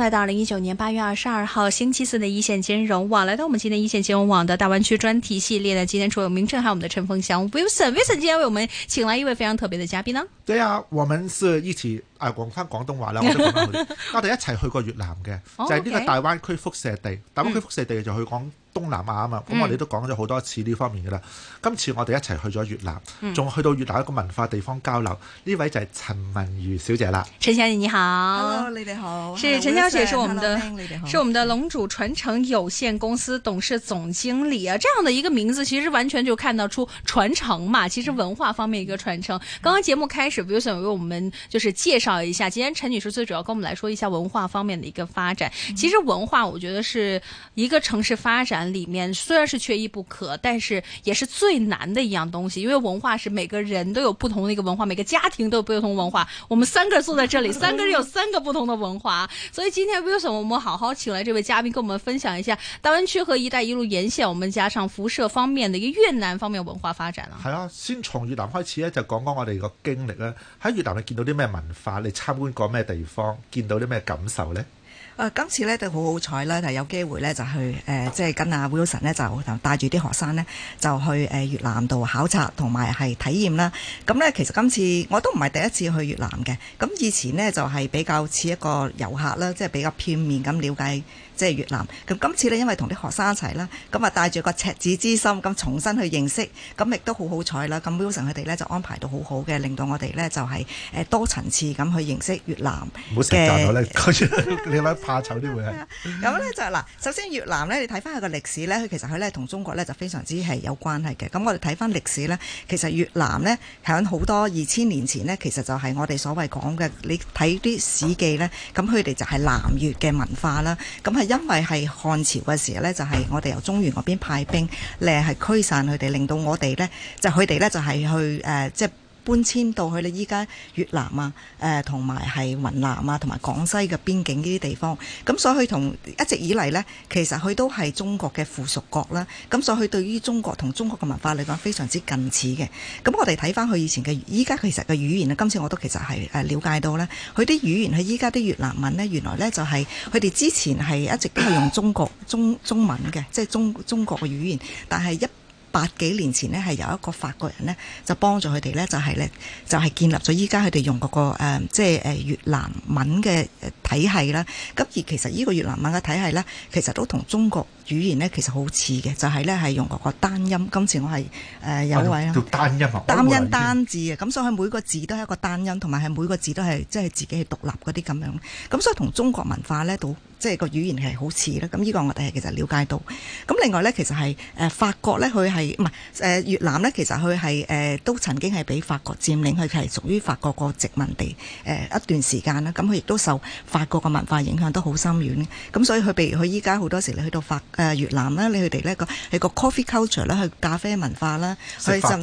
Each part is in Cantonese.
來到二零一九年八月二十二號星期四的一線金融網，來到我們今天一線金融網的大灣區專題系列呢。今天除了明正，還有我們的陳鳳翔 Wilson，Wilson Wilson, 今天為我們請來一位非常特別的嘉賓呢，對啊，我們是一齊誒講翻廣東話啦，我哋 一齊去過越南嘅，就係、是、呢個大灣區輻射地，oh, okay. 大灣區輻射地就去講。嗯東南亞啊嘛，咁我哋都講咗好多次呢方面嘅啦、嗯。今次我哋一齊去咗越南，仲、嗯、去到越南一個文化地方交流。呢位就係陳文銣小姐啦。陳小姐，你好，Hello 你哋好，Hello, 是陳小姐，Hello. 是我們的，Hello. 是我們的龍矚傳承有限公司董事總經理啊、嗯。這樣的，一個名字其實完全就看到出傳承嘛，其實文化方面一個傳承。嗯、剛剛節目開始，William 為我們就是介紹一下，今天陳女士最主要跟我們來說一下文化方面的一個發展。其實文化，我覺得是一個城市發展。嗯裏面雖然是缺一不可，但是也是最難的一樣東西，因為文化是每個人都有不同的一個文化，每個家庭都有不同的文化。我們三個人坐在這裏， 三個人有三個不同的文化，所以今天為什麼我們好好請來這位嘉賓，跟我們分享一下大灣區和“一帶一路”沿線，我們加上輻射方面的一個越南方面文化發展啦。係啊，先從越南開始咧，就講講我哋個經歷啦。喺越南，你見到啲咩文化？你參觀過咩地方？見到啲咩感受咧？誒、啊、今次咧都好好彩啦，就有機會咧就去誒、呃，即係跟阿 Wilson 咧就帶住啲學生呢，就去誒、呃、越南度考察同埋係體驗啦。咁呢，其實今次我都唔係第一次去越南嘅，咁以前呢，就係、是、比較似一個遊客啦，即、就、係、是、比較片面咁了解即係、就是、越南。咁今次呢，因為同啲學生一齊啦，咁啊帶住個赤子之心咁重新去認識，咁亦都好好彩啦。咁 Wilson 佢哋呢，就安排到好好嘅，令到我哋呢，就係、是、多層次咁去認識越南嘅。 下湊啲嘢，咁咧就嗱，首先越南咧，你睇翻佢個歷史咧，佢其實佢咧同中國咧就非常之係有關係嘅。咁我哋睇翻歷史咧，其實越南咧響好多二千年前呢，其實就係我哋所謂講嘅，你睇啲史記咧，咁佢哋就係南越嘅文化啦。咁係因為係漢朝嘅時候咧，就係、是、我哋由中原嗰邊派兵嚟係驅散佢哋，令到我哋咧就佢哋咧就係去誒、呃、即係。搬遷到去你依家越南啊，誒同埋係雲南啊，同埋廣西嘅邊境呢啲地方，咁所以佢同一直以嚟呢，其實佢都係中國嘅附屬國啦。咁所以佢對於中國同中國嘅文化嚟講，非常之近似嘅。咁我哋睇返佢以前嘅，依家其實嘅語言啊，今次我都其實係誒了解到咧，佢啲語言佢依家啲越南文呢，原來呢就係佢哋之前係一直都係用中國中中文嘅，即係中中國嘅語言，但係一八幾年前咧，係有一個法國人呢，就幫助佢哋呢，就係咧，就係建立咗依家佢哋用嗰個誒，即係誒越南文嘅體系啦。咁而其實呢個越南文嘅體系呢，其實都同中國。語言呢，其實好似嘅，就係呢，係用嗰個單音。今次我係誒、呃啊、有一位啦，叫單音啊，單音單字嘅。咁所以每個字都係一個單音，同埋係每個字都係即係自己係獨立嗰啲咁樣。咁所以同中國文化呢都即係個語言係好似咧。咁、這、呢個我哋係其實了解到。咁另外呢，其實係誒法國呢，佢係唔係誒越南呢？其實佢係誒都曾經係俾法國佔領，佢係屬於法國個殖民地誒、呃、一段時間啦。咁佢亦都受法國個文化影響都好深遠嘅。咁所以佢譬如佢依家好多時你去到法。誒越南呢，你佢哋呢個係個 coffee culture 啦，佢咖啡文化啦，所以就係食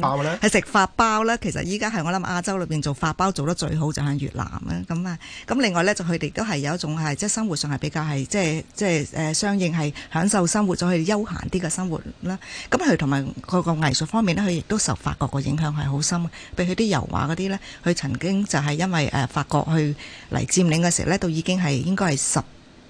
法包啦。其實依家係我諗亞洲裏面做法包做得最好就係越南啦。咁啊，咁另外呢，就佢哋都係有一種係即係生活上係比較係即係即、呃、相應係享受生活咗，去休閒啲嘅生活啦。咁佢同埋佢個藝術方面呢，佢亦都受法國個影響係好深。譬如佢啲油畫嗰啲呢，佢曾經就係因為、呃、法國去嚟佔領嘅時候呢，都已經係應該係十。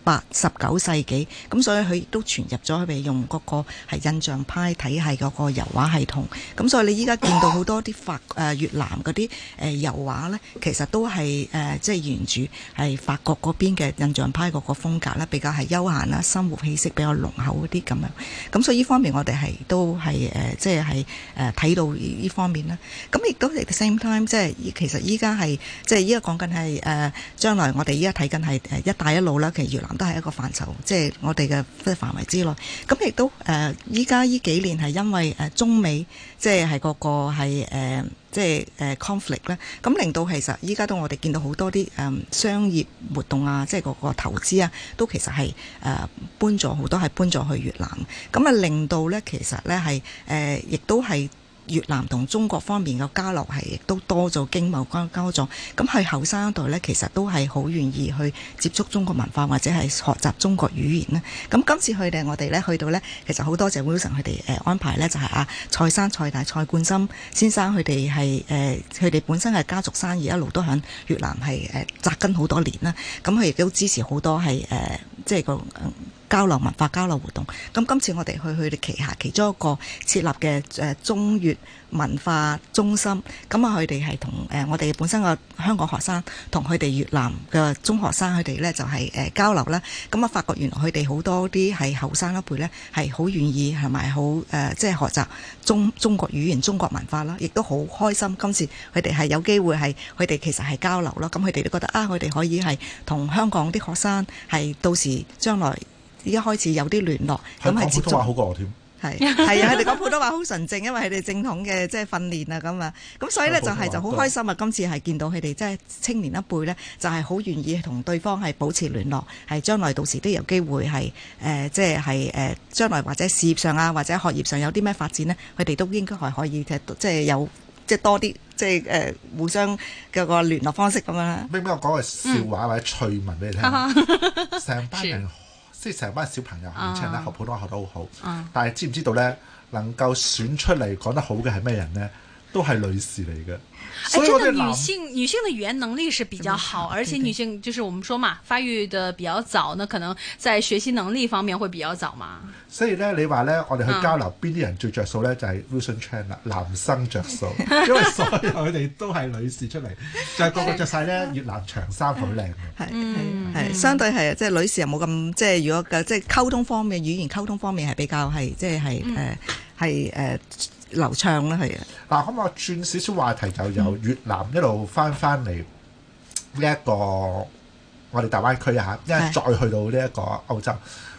八十九世紀，咁所以佢亦都傳入咗佢哋用嗰個係印象派體系嗰個油畫系統，咁所以你依家見到好多啲法誒越南嗰啲誒油畫咧，其實都係誒即係原著係法國嗰邊嘅印象派嗰個風格啦，比較係休閒啦、生活氣息比較濃厚啲咁樣，咁所以呢方面我哋係都係誒即係係誒睇到呢方面啦，咁亦都係 the same time 即係其實依家係即係依家講緊係誒將來我哋依家睇緊係誒一帶一路啦，其實越南。都係一個範疇，即、就、係、是、我哋嘅範圍之內。咁亦都誒，依家呢幾年係因為誒、呃、中美即係係個個係、呃、即係誒 conflict 咧。咁令到其實依家都我哋見到好多啲誒、嗯、商業活動啊，即係個個投資啊，都其實係誒、呃、搬咗好多係搬咗去越南。咁啊令到咧，其實咧係誒，亦、呃、都係。越南同中國方面嘅交流係亦都多咗經貿，交交。咁佢後生一代呢，其實都係好願意去接觸中國文化或者係學習中國語言。咁今次去嘅我哋呢，去到呢，其實好多謝 Wilson 佢哋安排呢，就係、是、啊蔡生、蔡大、蔡冠森先生佢哋係佢哋本身係家族生意一路都喺越南係、呃、紮根好多年啦。咁佢亦都支持好多係、呃、即係個。交流文化交流活動，咁今次我哋去佢哋旗下其中一個設立嘅誒，中越文化中心，咁啊佢哋係同誒我哋本身嘅香港學生，同佢哋越南嘅中學生，佢哋咧就係誒交流啦。咁啊，發覺原來佢哋好多啲係後生一輩咧，係好願意同埋好誒即係學習中中國語言、中國文化啦，亦都好開心。今次佢哋係有機會係，係佢哋其實係交流啦。咁佢哋都覺得啊，佢哋可以係同香港啲學生係到時將來。依家開始有啲聯絡，咁係接觸。係講普通話好過我添。係係啊，佢哋講普通話好 通話純正，因為佢哋正統嘅即係訓練啊咁啊。咁 所以咧就係、是、就好開心啊！今次係見到佢哋即係青年一輩咧，就係、是、好願意同對方係保持聯絡，係將來到時都有機會係誒，即係係將來或者事業上啊，或者學業上有啲咩發展呢，佢哋都應該係可以，即、就、係、是、有即係、就是、多啲即係互相嗰個聯絡方式咁樣、啊。邊邊我講個笑話、嗯、或者趣聞俾你聽，成、uh-huh. 班人。即係成班小朋友，唔錯咧，學、啊、普通話學得好好。啊、但係知唔知道咧、啊，能夠選出嚟講得好嘅係咩人咧？都係女士嚟嘅。所以咧、哎，女性女性嘅語言能力是比較好，是是而且女性就是我們說嘛，發育得比較早，那可能在學習能力方面會比較早嘛。所以咧，你話咧，我哋去交流邊啲、嗯、人最着數咧，就係 Russian Channel 男生着數， 因為所有佢哋都係女士出嚟， 就係個個着晒咧越南長衫，好 靚。嘅。係係、嗯，相對係即係女士又冇咁即係如果即係溝通方面、語言溝通方面係比較係即係係誒係誒。流暢啦，係啊！嗱、嗯，咁我可轉少少話題，就由越南一路翻翻嚟呢一個我哋大灣區啊，一再去到呢一個歐洲。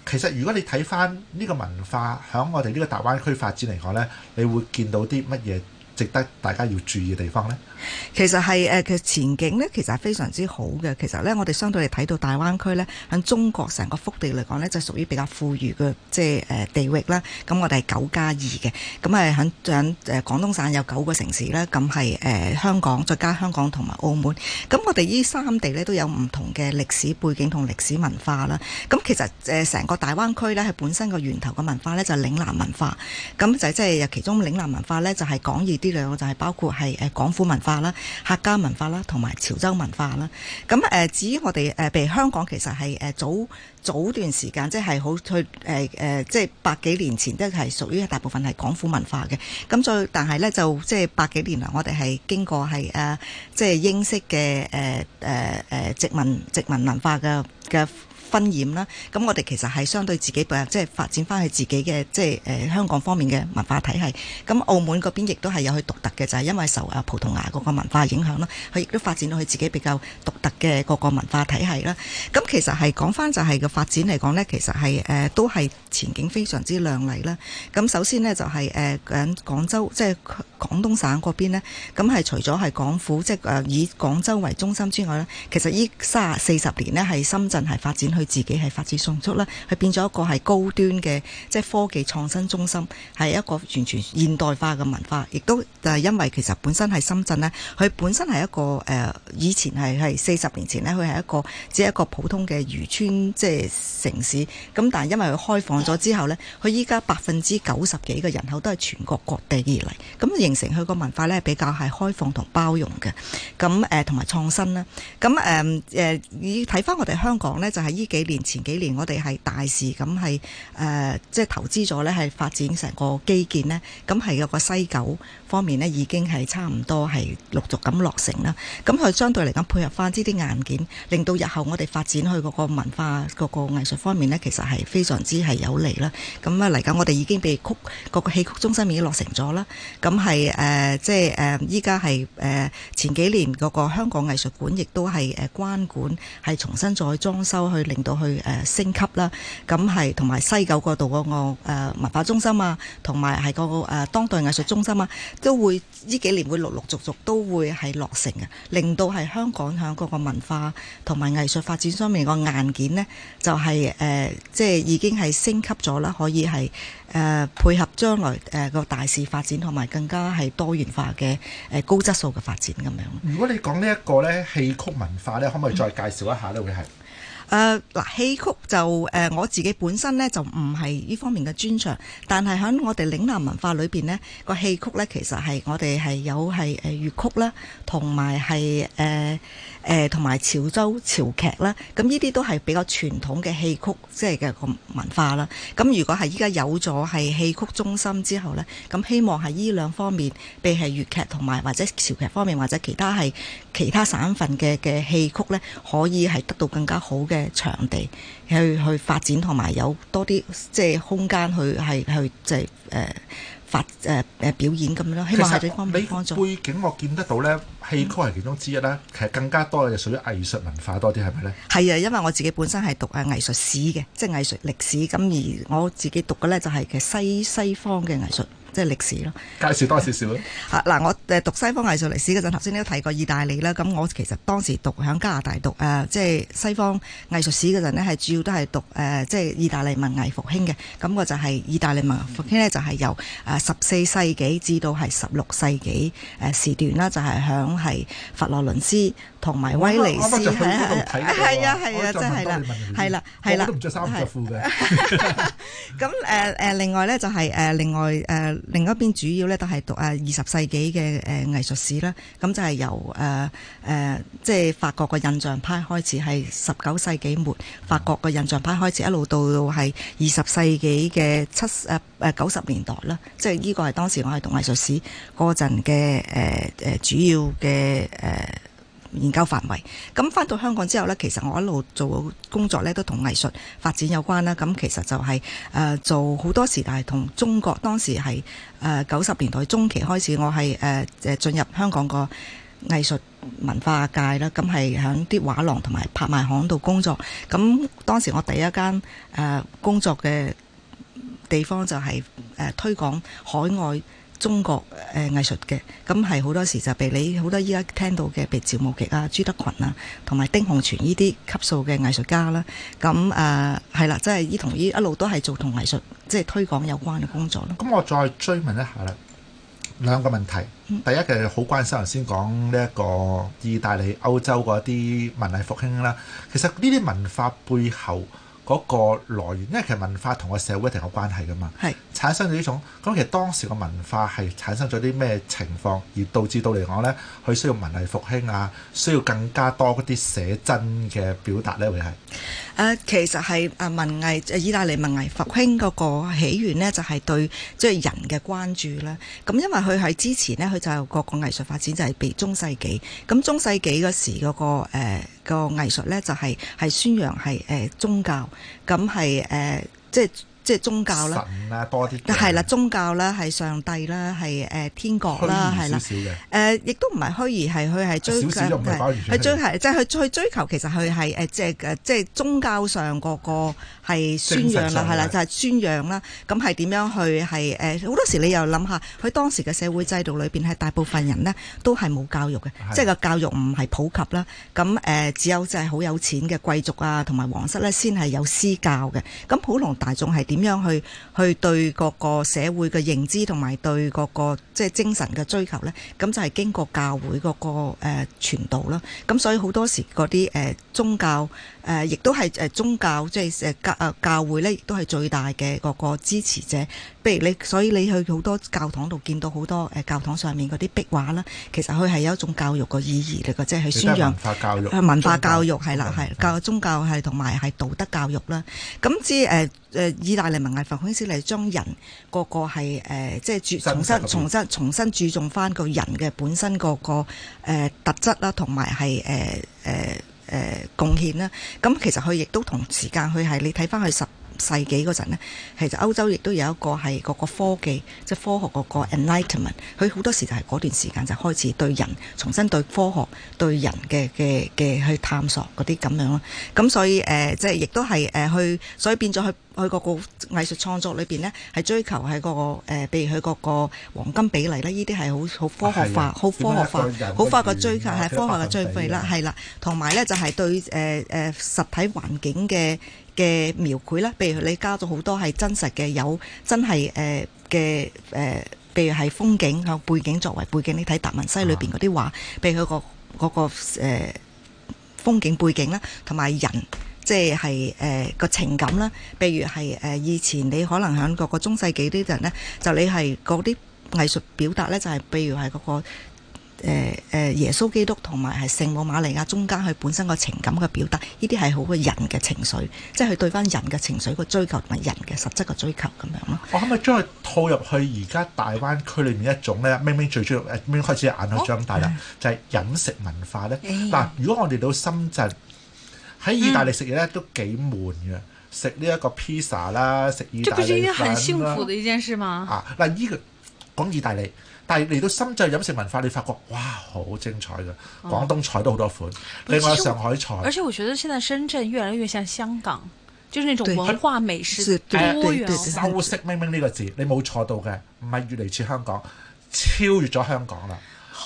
其實如果你睇翻呢個文化響我哋呢個大灣區發展嚟講咧，你會見到啲乜嘢？值得大家要注意嘅地方咧，其實係誒嘅前景咧，其實係非常之好嘅。其實咧，我哋相對嚟睇到大灣區咧，響中國成個福地嚟講咧，就屬於比較富裕嘅即係誒、呃、地域啦。咁我哋係九加二嘅，咁係響響誒廣東省有九個城市啦。咁係誒香港再加香港同埋澳門，咁我哋依三地咧都有唔同嘅歷史背景同歷史文化啦。咁其實誒成、呃、個大灣區咧係本身個源頭嘅文化咧就係、是、嶺南文化。咁就即係其中嶺南文化咧就係廣義啲。呢兩個就係包括係誒廣府文化啦、客家文化啦，同埋潮州文化啦。咁誒，至於我哋誒，譬如香港其實係誒早早段時間，即係好去誒誒，即係百幾年前都係屬於大部分係廣府文化嘅。咁再，但係咧就即係百幾年嚟，我哋係經過係啊，即係英式嘅誒誒誒殖民殖民文化嘅嘅。.分染啦，咁我哋其實係相對自己即係、就是、發展翻去自己嘅，即係誒香港方面嘅文化體系。咁澳門嗰邊亦都係有佢獨特嘅，就係、是、因為受誒葡萄牙嗰個文化影響啦，佢亦都發展到佢自己比較獨特嘅嗰個文化體系啦。咁其實係講翻就係個發展嚟講咧，其實係誒都係前景非常之亮麗啦。咁首先咧就係誒喺廣州，即係廣東省嗰邊咧，咁係除咗係廣府，即係誒以廣州為中心之外咧，其實依卅四十年咧係深圳係發展。佢自己係發展迅速啦，佢變咗一個係高端嘅，即係科技創新中心，係一個完全現代化嘅文化，亦都就係因為其實本身係深圳咧，佢本身係一個誒、呃，以前係係四十年前咧，佢係一個只係一個普通嘅漁村，即係城市。咁但係因為佢開放咗之後呢，佢依家百分之九十幾嘅人口都係全國各地而嚟，咁形成佢個文化呢，比較係開放同包容嘅。咁誒同埋創新啦。咁誒誒，以睇返我哋香港呢，就係依。幾年前幾年我哋係大事咁係誒，即係投資咗呢，係發展成個基建呢，咁係有個西九方面呢，已經係差唔多係陸續咁落成啦。咁佢相對嚟講配合翻呢啲硬件，令到日後我哋發展去嗰個文化、嗰個藝術方面呢，其實係非常之係有利啦。咁啊嚟緊，我哋已經被曲個個戲曲中心已經落成咗啦。咁係誒，即係誒，依家係誒前幾年嗰個香港藝術館亦都係誒關館，係重新再裝修去令。到去誒升級啦，咁係同埋西九嗰度嗰個誒文化中心啊，同埋係個誒當代藝術中心啊，都會呢幾年會陸陸續續都會係落成嘅，令到係香港響嗰個文化同埋藝術發展方面個硬件咧、就是，就係誒即係已經係升級咗啦，可以係誒配合將來誒個大事發展同埋更加係多元化嘅誒高質素嘅發展咁樣。如果你講呢一個咧戲曲文化咧，可唔可以再介紹一下咧？會係。誒、呃、嗱，戲曲就誒我自己本身咧就唔係呢方面嘅專長，但係喺我哋嶺南文化裏邊咧，個戲曲咧其實係我哋係有係誒粵曲啦，同埋係誒誒同埋潮州潮劇啦，咁呢啲都係比較傳統嘅戲曲，即係嘅個文化啦。咁如果係依家有咗係戲曲中心之後咧，咁希望係呢兩方面，譬如係粵劇同埋或者潮劇方面，或者其他係其他省份嘅嘅戲曲咧，可以係得到更加好嘅。嘅場地去去發展同埋有，有多啲即係空間去係去即係誒發誒誒、呃、表演咁樣希望化咗光背景我見得到咧，戲曲係其中之一啦、嗯。其實更加多嘅就屬於藝術文化多啲，係咪咧？係啊，因為我自己本身係讀啊藝術史嘅，即係藝術歷史。咁而我自己讀嘅咧就係嘅西西方嘅藝術。即係歷史咯，介紹多少少嗱，我誒讀西方藝術歷史嗰陣，頭先都提過意大利啦。咁我其實當時讀響加拿大讀誒，即係西方藝術史嗰陣係主要都係讀誒，即係意大利文藝復興嘅。咁我就係意大利文藝復興呢就係、誒、由十四世紀至到係十六世紀誒時段啦，就係響係佛羅倫斯，同埋威尼斯係。 啊，係啊，真係啦，係啦，係啦，都唔著衫著褲嘅。咁誒誒另外咧就係、是、誒、呃、另外誒、呃、另一邊主要咧都係讀誒二十世紀嘅誒、呃、藝術史啦，咁就係由誒誒即係法國嘅印象派開始，係十九世紀末法國嘅印象派開始一路到到係二十世紀嘅七誒誒九十年代啦，即係呢個係當時我係讀藝術史嗰陣嘅誒誒主要嘅誒。呃研究範圍，咁翻到香港之後咧，其實我一路做工作咧，都同藝術發展有關啦。咁其實就係誒做好多時係同中國當時係誒九十年代中期開始，我係誒誒進入香港個藝術文化界啦。咁係響啲畫廊同埋拍賣行度工作。咁當時我第一間誒工作嘅地方就係誒推廣海外。中國誒藝術嘅，咁係好多時就俾你好多依家聽到嘅，俾趙無極啊、朱德群啊，同埋丁雄泉依啲級數嘅藝術家啦。咁誒係啦，即係依同依一路都係做同藝術即係推廣有關嘅工作咯。咁我再追問一下啦，兩個問題。第一嘅好關心，頭先講呢一個意大利、歐洲嗰啲文藝復興啦，其實呢啲文化背後。嗰個來源，因為其實文化同個社會一定有關係噶嘛，產生咗呢種咁，其實當時個文化係產生咗啲咩情況，而導致到嚟講咧，佢需要文藝復興啊，需要更加多嗰啲寫真嘅表達咧，會係。誒、啊、其實係文藝意大利文藝復興嗰個起源呢，就係、是、對即係人嘅關注啦。咁因為佢係之前呢，佢就個個藝術發展就係、是、比中世紀。咁中世紀嗰時嗰、那個誒、呃那個藝術呢就係、是、宣揚係、呃、宗教，咁係即係即係宗教啦，神啊多啲。係啦，宗教啦係上帝啦係誒天國啦係啦。誒，亦都唔係虛擬，係佢係追嘅，佢追係即係佢去追求，其實佢係誒即係即係宗教上個個係宣揚啦，係啦，就係、是、宣揚啦。咁係點樣去係誒？好、呃、多時你又諗下，佢當時嘅社會制度裏邊係大部分人呢都係冇教育嘅，即係個教育唔係普及啦。咁誒、呃、只有就係好有錢嘅貴族啊同埋皇室咧先係有私教嘅。咁普羅大眾係點？咁樣去去對嗰個社會嘅認知同埋對各、那個即係、就是、精神嘅追求呢，咁就係經過教會嗰、那個誒傳道啦。咁、呃、所以好多時嗰啲誒宗教誒，亦、呃、都係誒、呃、宗教即係誒教誒教，教會呢，亦都係最大嘅嗰個支持者。你所以你去好多教堂度見到好多誒教堂上面嗰啲壁畫啦，其實佢係有一種教育個意義嚟嘅即係去宣揚文化教育。文化教育係啦，係教宗教係同埋係道德教育啦。咁至誒誒，意大利文藝復興先嚟將人個個係誒，即係注重新重新重新注重翻個人嘅本身個個誒特質啦，同埋係誒誒誒貢獻啦。咁其實佢亦都同時間去係你睇翻佢十。世紀嗰陣呢，其實歐洲亦都有一個係嗰個科技即係科學嗰個 enlightenment，佢好多時就係嗰段時間就開始對人重新對科學對人嘅嘅嘅去探索嗰啲咁樣咯。咁所以誒，即係亦都係誒去，所以變咗去。佢個個藝術創作裏邊呢，係追求係、個誒，譬、呃、如佢個個黃金比例咧，呢啲係好好科學化、好科學化、好化嘅追求係、啊、科學嘅追求啦，係啦。同埋呢，就係、是、對誒誒、呃、實體環境嘅嘅描繪啦，譬如你加咗好多係真實嘅有真係誒嘅誒，譬、呃呃呃、如係風景響背景作為背景，你睇達文西裏邊嗰啲畫，譬如佢、個嗰、個誒、呃、風景背景啦，同埋人。即係誒個情感啦，譬如係誒、呃、以前你可能響個個中世紀啲人呢，就你係嗰啲藝術表達呢，就係、是、譬如係嗰、那個誒、呃、耶穌基督同埋係聖母瑪利亞中間佢本身個情感嘅表達，呢啲係好嘅人嘅情緒，即係佢對翻人嘅情緒個追求同埋人嘅實質嘅追求咁樣咯。我可唔可以將佢套入去而家大灣區裏面一種咧？明明最最誒微微開始眼開張大啦、哦，就係、是、飲食文化咧。嗱、哎，如果我哋到深圳。喺意大利食嘢咧都幾悶嘅，食呢一個披薩啦，食意大利粉啦。這不是一件很幸福嘅一件事嘛。啊，嗱，呢個講意大利，但係嚟到深圳飲食文化，你發覺哇，好精彩嘅，廣東菜都好多款，啊、另外上海菜。而且我覺得現在深圳越來越像香港，就是那種文化美食多元。修飾明明呢個字，你冇錯到嘅，唔係越嚟越似香港，超越咗香港啦。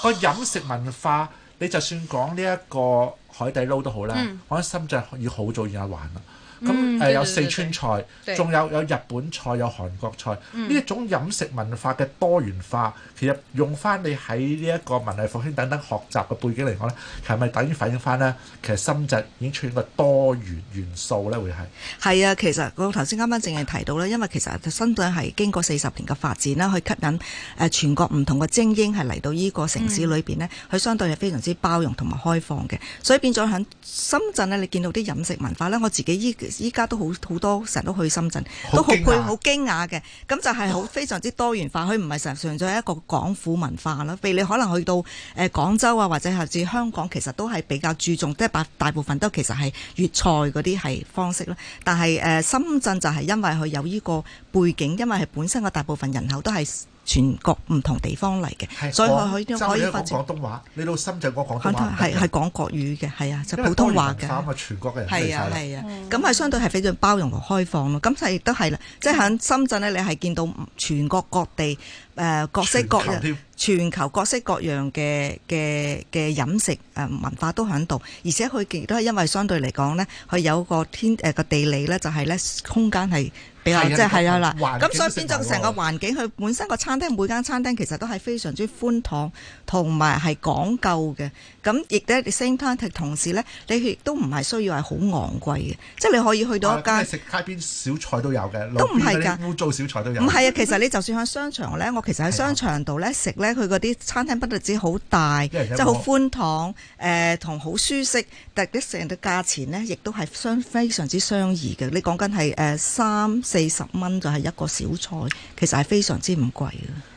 個、哦、飲食文化，你就算講呢、這、一個。海底撈都好啦，我喺深圳要好早要一環啦。咁、嗯、誒、呃、有四川菜，仲有有日本菜，有韓國菜，呢一種飲食文化嘅多元化，嗯、其實用翻你喺呢一個文藝復興等等學習嘅背景嚟講呢係咪等於反映翻呢？其實深圳已經出現個多元元素呢？會係係啊，其實我頭先啱啱淨係提到呢，因為其實深圳係經過四十年嘅發展啦，去吸引誒全國唔同嘅精英係嚟到呢個城市裏邊呢，佢、嗯、相對係非常之包容同埋開放嘅，所以變咗喺深圳呢，你見到啲飲食文化呢，我自己依依家都好好多，成日都去深圳，都好佩服好驚訝嘅。咁就係好非常之多元化，佢唔係常純在一個廣府文化啦。譬如你可能去到誒廣州啊，或者甚至香港，其實都係比較注重，即係大部分都其實係粵菜嗰啲係方式啦。但係誒深圳就係因為佢有呢個背景，因為係本身嘅大部分人口都係。全國唔同地方嚟嘅，所以佢可以、哦、可以發展。你到深圳講廣東話，係係講國語嘅，係啊，就是、普通話嘅。因為全國嘅人。係啊係啊，咁係、啊啊嗯、相對係非常包容同開放咯。咁就亦都係啦，即係喺深圳咧，你係見到全國各地。誒、呃，各式各樣全，全，全球各式各樣嘅嘅嘅飲食誒、呃、文化都響度，而且佢亦都係因為相對嚟講咧，佢有個天誒個、呃、地理咧，就係、是、咧空間係比較即係係啊啦，咁、就是啊就是啊、所以變咗成個環境，佢本身個餐廳每間餐廳其實都係非常之寬敞同埋係講究嘅。咁亦都 s a m e t 同時咧，你亦都唔係需要係好昂貴嘅，即係你可以去到一間食街邊小菜都有嘅，都唔係㗎，污糟小菜都有。唔係啊，其實你就算喺商場咧，嗯我其實喺商場度咧食咧，佢嗰啲餐廳不但止好大，即係好寬敞誒，同、呃、好舒適，但係啲成日嘅價錢咧亦都係相非常之相宜嘅。你講緊係誒三四十蚊就係一個小菜，其實係非常之唔貴嘅。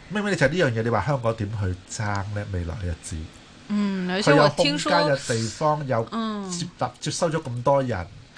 咩你就呢樣嘢，你話香港點去爭咧？未來日子，嗯，佢有空間嘅地方有接納、嗯、接收咗咁多人。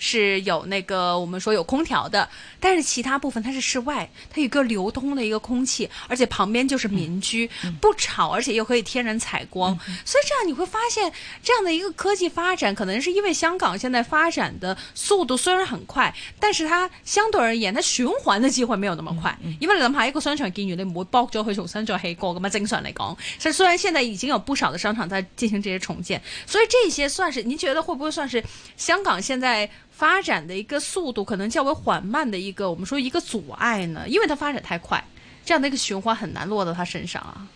是有那個我們說有空調的，但是其他部分它是室外，它有一個流通的一個空氣，而且旁邊就是民居，嗯嗯、不吵，而且又可以天然採光，嗯嗯、所以這樣你會發現這樣的一個科技發展，可能是因為香港現在發展的速度雖然很快，但是它相對而言它循環的機會沒有那麼快，嗯嗯嗯、因為你諗下一個商場建完你唔會剝咗佢重新再起過噶嘛，正常嚟講，所以雖然現在已經有不少的商場在進行這些重建，所以這些算是您覺得會不會算是香港現在？發展的一個速度可能較為緩慢的一個，我們說一個阻礙呢，因為它發展太快，這樣的一個循環很難落到他身上啊。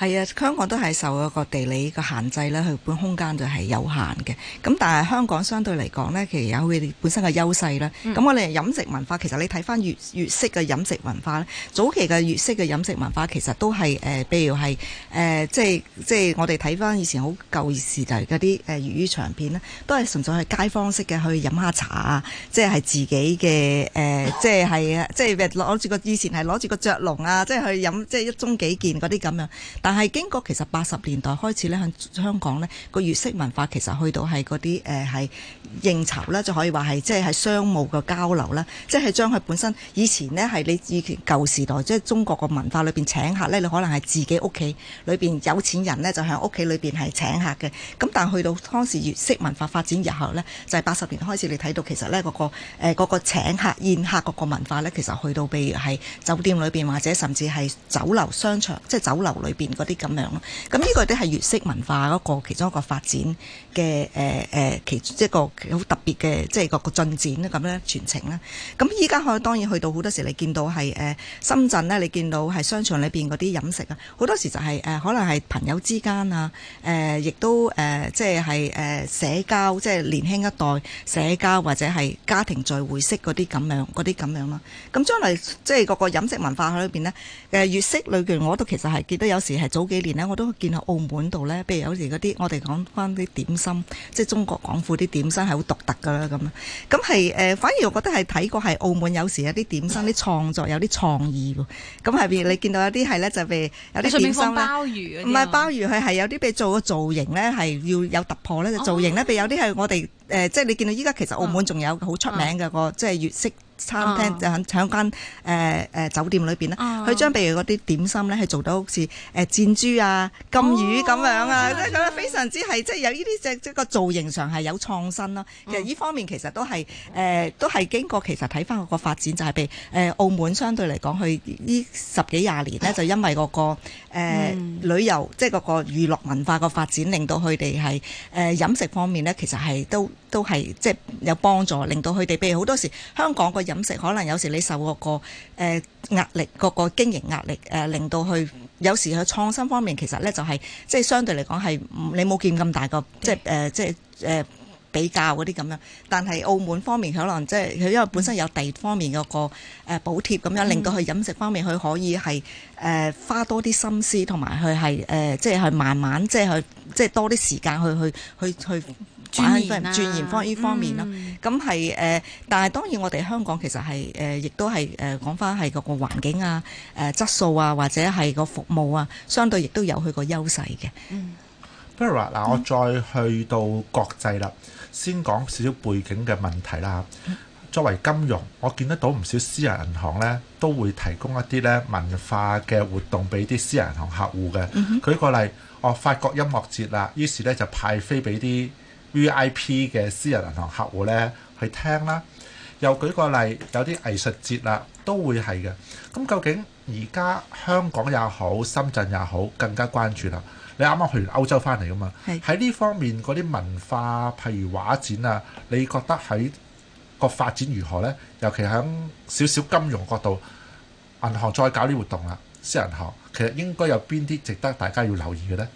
係啊，香港都係受嗰個地理嘅限制咧，佢本空間就係有限嘅。咁但係香港相對嚟講咧，其實有佢哋本身嘅優勢啦。咁、嗯、我哋飲食文化，其實你睇翻粵粵式嘅飲食文化咧，早期嘅粵式嘅飲食文化其實都係誒，譬、呃、如係、呃、即係即係我哋睇翻以前好舊時代嗰啲誒粵語長片咧，都係純粹係街坊式嘅去飲下茶啊，即係自己嘅誒、呃，即係係即係攞住個以前係攞住個雀籠啊，即係去飲即係一盅幾件嗰啲咁樣。但係經過其實八十年代開始咧，喺香港咧個粵式文化其實去到係嗰啲誒係應酬咧就可以話係即係喺商務個交流啦，即係將佢本身以前呢係你以前舊時代即係中國個文化裏邊請客咧，你可能係自己屋企裏邊有錢人咧就喺屋企裏邊係請客嘅。咁但係去到當時粵式文化發展日後咧，就係八十年開始你睇到其實咧嗰個誒嗰個請客宴客嗰個文化咧，其實去到譬如係酒店裏邊或者甚至係酒樓商場即係酒樓裏邊。嗰啲咁樣咯，咁呢個都係粵式文化嗰個其中一個發展嘅誒誒其即、就是、一個好特別嘅即係個個進展咧咁咧全程啦，咁依家可以當然去到好多時你見到係誒深圳咧，你見到係商場裏邊嗰啲飲食啊，好多時就係、是、誒、呃、可能係朋友之間啊，誒、呃、亦都誒即係誒社交，即、就、係、是、年輕一代社交或者係家庭聚會式嗰啲咁樣嗰啲咁樣咯，咁將來即係個個飲食文化喺裏邊咧，誒、呃、粵式裏邊我都其實係記得有時係。早幾年咧，我都見到澳門度咧，譬如有時嗰啲，我哋講翻啲點心，即係中國廣府啲點心係好獨特噶啦咁。咁係、呃、反而我覺得係睇過係澳門有時有啲點心啲 創作有啲創意喎。咁係邊？你見到有啲係咧， 就譬如有啲點心鮑魚唔係鮑魚，佢係有啲俾做個造型咧，係要有突破咧， 造型咧，譬如有啲係我哋、呃、即係你見到依家其實澳門仲有好出名嘅 個即係粵式。餐廳就喺請間誒誒酒店裏邊啦，佢、uh, 將譬如嗰啲點心咧，係做到好似誒箭豬啊、金魚咁樣啊，咧咁樣非常之係即係有呢啲即係造型上係有創新咯、啊。Uh, 其實呢方面其實都係誒、呃、都係經過其實睇翻個發展就係、是、譬如誒澳門相對嚟講，佢呢十幾廿年呢，就因為嗰、那個、uh, 呃、旅遊即係嗰個娛樂文化個發展，令到佢哋係誒飲食方面呢，其實係都都係即係有幫助，令到佢哋譬如好多時香港個。飲食可能有時你受個個誒壓力，個個經營壓力誒，令到去有時佢創新方面，其實咧就係、係、即係相對嚟講係你冇見咁大個即係誒、呃、即係誒、呃、比較嗰啲咁樣。但係澳門方面可能即係佢因為本身有地方面個個誒補貼咁樣，令到佢飲食方面佢可以係誒、呃、花多啲心思，同埋佢係誒即係慢慢即係即係多啲時間去去去去。去去轉翻轉研方呢方面咯，咁係誒，但係當然我哋香港其實係誒，亦都係誒講翻係個個環境啊、誒質素啊，或者係個服務啊，相對亦都有佢個優勢嘅。Beryl 嗱，我再去到國際啦，先講少少背景嘅問題啦嚇。作為金融，我見得到唔少私人銀行咧都會提供一啲咧文化嘅活動俾啲私人銀行客戶嘅。舉個例，我法國音樂節啦，於是咧就派飛俾啲。VIP 嘅私人銀行客戶咧去聽啦，又舉個例，有啲藝術節啦，都會係嘅。咁究竟而家香港也好，深圳也好，更加關注啦。你啱啱去完歐洲翻嚟噶嘛？喺呢方面嗰啲文化，譬如畫展啊，你覺得喺個發展如何呢？尤其喺少少金融角度，銀行再搞啲活動啦，私人銀行其實應該有邊啲值得大家要留意嘅呢？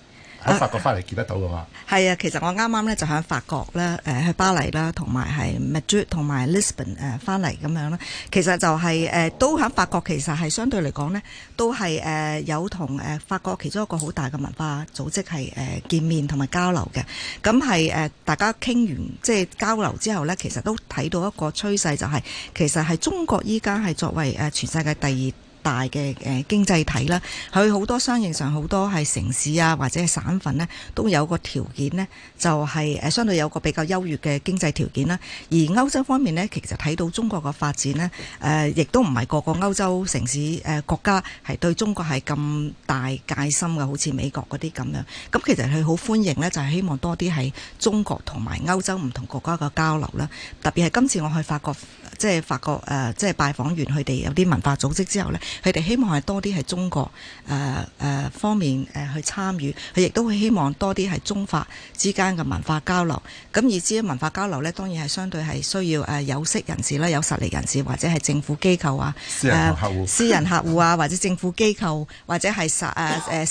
喺法國翻嚟見得到噶嘛、啊？係啊，其實我啱啱咧就喺法國啦，誒、呃、去巴黎啦，同埋係 Madrid 同埋 Lisbon，誒翻嚟咁樣啦。其實就係、是、誒、呃、都喺法國，其實係相對嚟講咧，都係誒、呃、有同誒、呃、法國其中一個好大嘅文化組織係誒、呃、見面同埋交流嘅。咁係誒大家傾完即係、就是、交流之後咧，其實都睇到一個趨勢、就是，就係其實係中國依家係作為誒全世界第二大嘅誒經濟體啦，佢好多商業上好多係城市啊，或者係省份呢，都有個條件呢，就係、是、誒相對有個比較優越嘅經濟條件啦。而歐洲方面呢，其實睇到中國嘅發展呢，誒、呃、亦都唔係個個歐洲城市誒、呃、國家係對中國係咁大戒心嘅，好似美國嗰啲咁樣。咁其實佢好歡迎呢，就係、是、希望多啲係中國同埋歐洲唔同國家嘅交流啦。特別係今次我去法國，即係法國誒、呃，即係拜訪完佢哋有啲文化組織之後呢。佢哋希望係多啲係中國、呃呃、方面、呃、去參與，佢亦都會希望多啲係中法之間嘅文化交流。咁以至於呢，文化交流呢，當然係相對係需要、呃、有識人士啦，有實力人士或者係政府機構啊，私人客戶、呃、私人客戶啊， 或者政府機構或者係、啊、省誒誒、啊、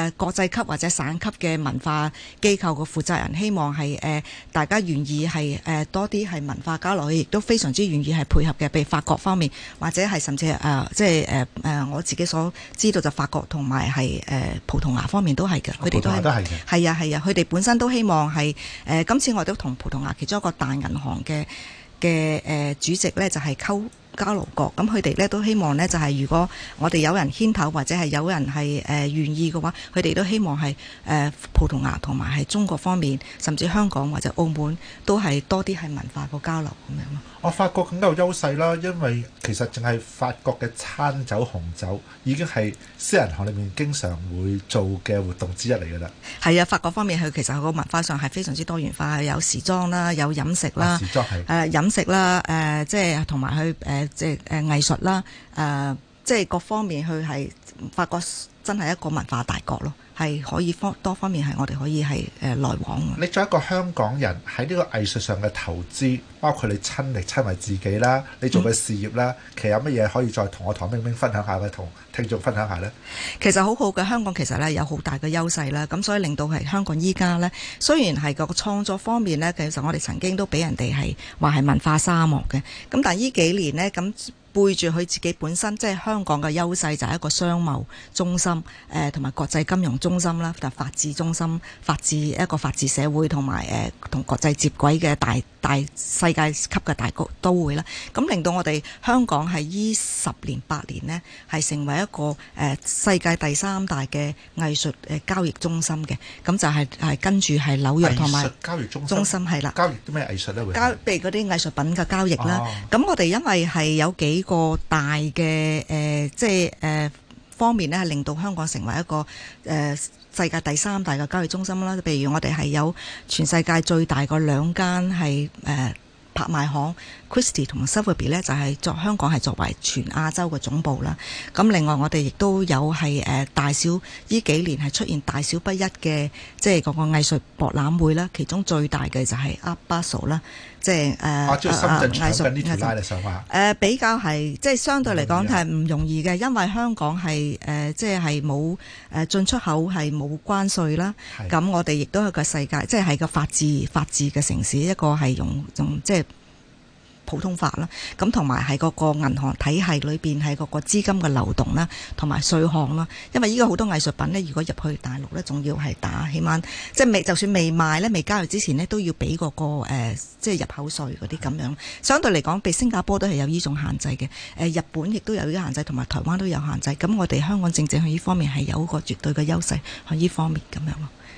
省國際、啊啊啊、級或者省級嘅文化機構嘅負責人，希望係、呃、大家願意係、呃、多啲係文化交流，亦都非常之願意係配合嘅，譬如法國方面或者係甚至誒、呃、即係、呃誒、呃、我自己所知道就法國同埋係誒葡萄牙方面都係嘅，佢哋都係，係啊係啊，佢哋、啊、本身都希望係。誒、呃、今次我哋都同葡萄牙其中一個大銀行嘅嘅誒主席咧就係、是、溝。交流國咁，佢哋咧都希望呢，就係、是、如果我哋有人牽頭或者係有人係誒、呃、願意嘅話，佢哋都希望係誒、呃、葡萄牙同埋係中國方面，甚至香港或者澳門都係多啲係文化個交流咁樣咯。我法國更加有優勢啦，因為其實淨係法國嘅餐酒紅酒已經係私人行裏面經常會做嘅活動之一嚟㗎啦。係啊，法國方面佢其實個文化上係非常之多元化，有時裝啦，有飲食啦，時裝係、呃、飲食啦，誒、呃、即係同埋佢誒。即係誒藝術啦，誒即係各方面去係發覺。真係一個文化大國咯，係可以方多方面係我哋可以係誒來往的。你作為一個香港人喺呢個藝術上嘅投資，包括你親力親為自己啦，你做嘅事業啦、嗯，其實有乜嘢可以再同我唐冰冰分享下嘅，同聽眾分享下呢？其實很好好嘅香港其實呢有好大嘅優勢啦，咁所以令到係香港依家呢，雖然係個創作方面呢，其實我哋曾經都俾人哋係話係文化沙漠嘅，咁但係呢幾年呢？咁。背住佢自己本身，即係香港嘅優勢就係一個商貿中心，誒同埋國際金融中心啦，就法治中心，法治一個法治社會同埋誒同國際接軌嘅大大，大世界級嘅大國都會啦。咁、啊、令到我哋香港係依十年八年咧，係成為一個誒、啊、世界第三大嘅藝術誒交易中心嘅。咁就係係跟住係紐約同埋交易中心係啦。交易啲咩藝術咧？會交譬如嗰啲藝術品嘅交易啦。咁、啊啊、我哋因為係有幾。呢、這個大嘅誒、呃，即係誒、呃、方面呢，係令到香港成為一個誒、呃、世界第三大嘅交易中心啦。譬如我哋係有全世界最大嘅兩間係誒拍賣行 Christie 同埋 Sotheby's 咧，就係、是、作香港係作為全亞洲嘅總部啦。咁另外我哋亦都有係誒大小呢幾年係出現大小不一嘅即係嗰個藝術博覽會啦。其中最大嘅就係 Art Basel 啦。即係、呃啊啊啊啊啊呃、比較係即係相對嚟講係唔容易嘅，易啊、因為香港係誒、呃，即係冇誒進出口係冇關稅啦。咁我哋亦都係個世界，即係係個法治法治嘅城市，一個係用用即係。普通法啦，咁同埋係嗰個銀行體系裏邊，係嗰個資金嘅流動啦，同埋稅項啦。因為依家好多藝術品咧，如果入去大陸咧，仲要係打，起碼即係未就算未賣咧，未交易之前咧，都要俾嗰個誒，即係入口稅嗰啲咁樣，相對嚟講，比新加坡都係有呢種限制嘅。誒，日本亦都有呢個限制，同埋台灣都有限制。咁我哋香港正正喺呢方面係有一個絕對嘅優勢喺呢方面咁樣咯。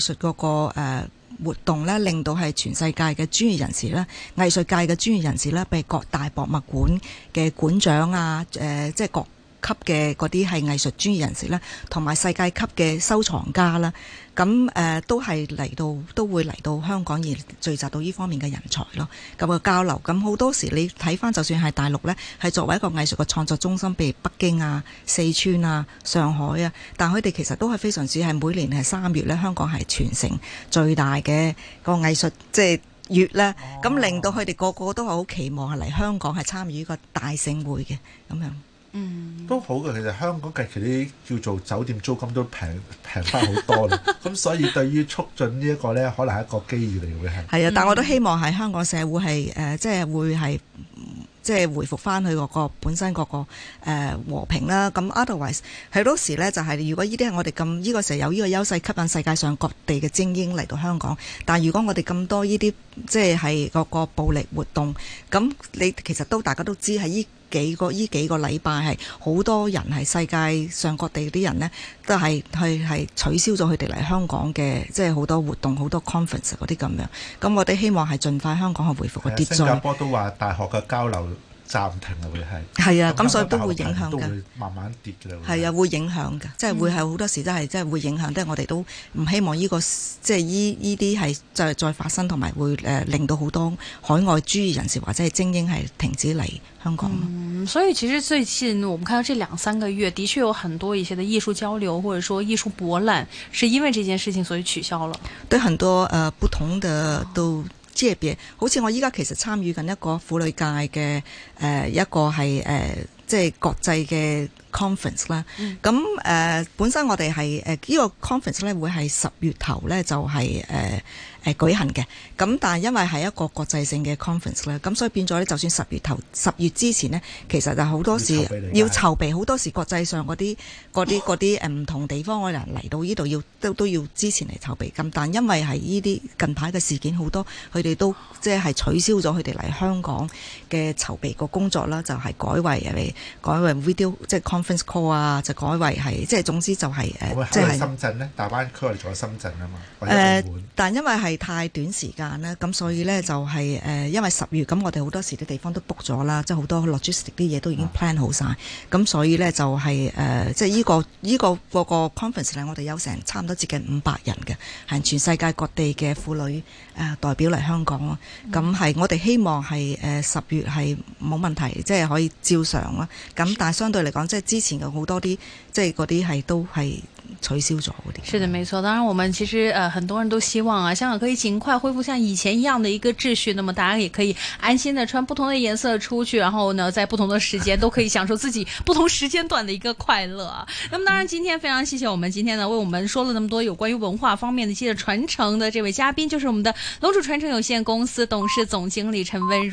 藝術嗰個誒活動咧，令到係全世界嘅專業人士啦，藝術界嘅專業人士咧，被各大博物館嘅館長啊，誒，即係各級嘅嗰啲係藝術專業人士啦，同埋世界級嘅收藏家啦。咁誒都係嚟到，都會嚟到香港而聚集到呢方面嘅人才咯，咁嘅交流。咁好多時你睇翻，就算係大陸呢，係作為一個藝術嘅創作中心，譬如北京啊、四川啊、上海啊，但佢哋其實都係非常之係每年係三月呢，香港係全城最大嘅個藝術即係月呢。咁令到佢哋個個都係好期望係嚟香港係參與一個大盛會嘅咁樣。嗯，都好嘅。其實香港近期啲叫做酒店租金都平平翻好多啦。咁 所以對於促進呢個呢一個咧，可能係一個機遇嚟嘅。係係啊，但我都希望係香港社會係、呃、即係會係即係回復翻佢個本身、嗰個個、呃、和平啦。咁 otherwise 去到時咧，就係、係、如果呢啲係我哋咁呢個時候有呢個優勢吸引世界上各地嘅精英嚟到香港，但如果我哋咁多呢啲即係係個個暴力活動，咁你其實都大家都知喺幾個依幾個禮拜係好多人係世界上各地啲人呢，都係去係取消咗佢哋嚟香港嘅，即係好多活動、好多 conference 嗰啲咁樣。咁我哋希望係盡快香港去回復嗰啲。新加坡都話大學嘅交流。暫停會係係啊，咁所以都會影響㗎，會慢慢跌㗎。係啊，會影響㗎，嗯、即係會係好多時真係即係會影響，嗯、即係我哋都唔希望呢、這個即係呢依啲係再再發生，同埋會誒、呃、令到好多海外專業人士或者係精英係停止嚟香港、嗯。所以其實最近我們看到這兩三個月，的確有很多一些的藝術交流，或者說藝術博覽，是因為這件事情所，取、嗯、所以情所取消了。對很多誒、呃、不同的都。啊。好似我而家其實參與緊一個婦女界嘅誒、呃、一個係誒、呃、即係國際嘅。conference 啦，咁誒本身我哋係誒呢個 conference 咧會係十月頭咧就係誒誒舉行嘅，咁但係因為係一個國際性嘅 conference 啦，咁所以變咗咧就算十月頭十月之前咧，其實就好多時要籌備好多時國際上嗰啲嗰啲嗰啲誒唔同地方嘅人嚟到呢度要都都要之前嚟籌備，咁但因為係呢啲近排嘅事件好多，佢哋都即係取消咗佢哋嚟香港嘅籌備個工作啦，就係改為誒改為 video 即係 con。call 啊，就改為係即係總之就係、是、誒，即係深圳咧、就是，大灣區係喺深圳啊嘛、呃，或者澳門。但因為係太短時間咧，咁所以咧就係、是、誒、呃，因為十月咁，我哋好多時啲地方都 book 咗啦，即係好多 logistics 啲嘢都已經 plan 好晒。咁、啊、所以咧就係、是、誒、呃，即係、這、依個依、這個個、那個 conference 咧，我哋有成差唔多接近五百人嘅，係全世界各地嘅婦女誒、呃、代表嚟香港咯。咁、嗯、係我哋希望係誒十月係冇問題，即、就、係、是、可以照常咯。咁但係相對嚟講即係。就是之前有好多啲，即係嗰啲係都係取消咗啲。是的，沒錯。當然，我們其實呃很多人都希望啊，香港可以盡快恢復像以前一樣的一個秩序。那麼，大家也可以安心的穿不同的顏色出去，然後呢，在不同的時間都可以享受自己不同時間段的一個快樂。 那麼，當然，今天非常謝謝我們今天呢，為我們說了那麼多有關於文化方面的一些傳承的這位嘉賓，就是我們的龍矚傳承有限公司董事總經理陳文銣。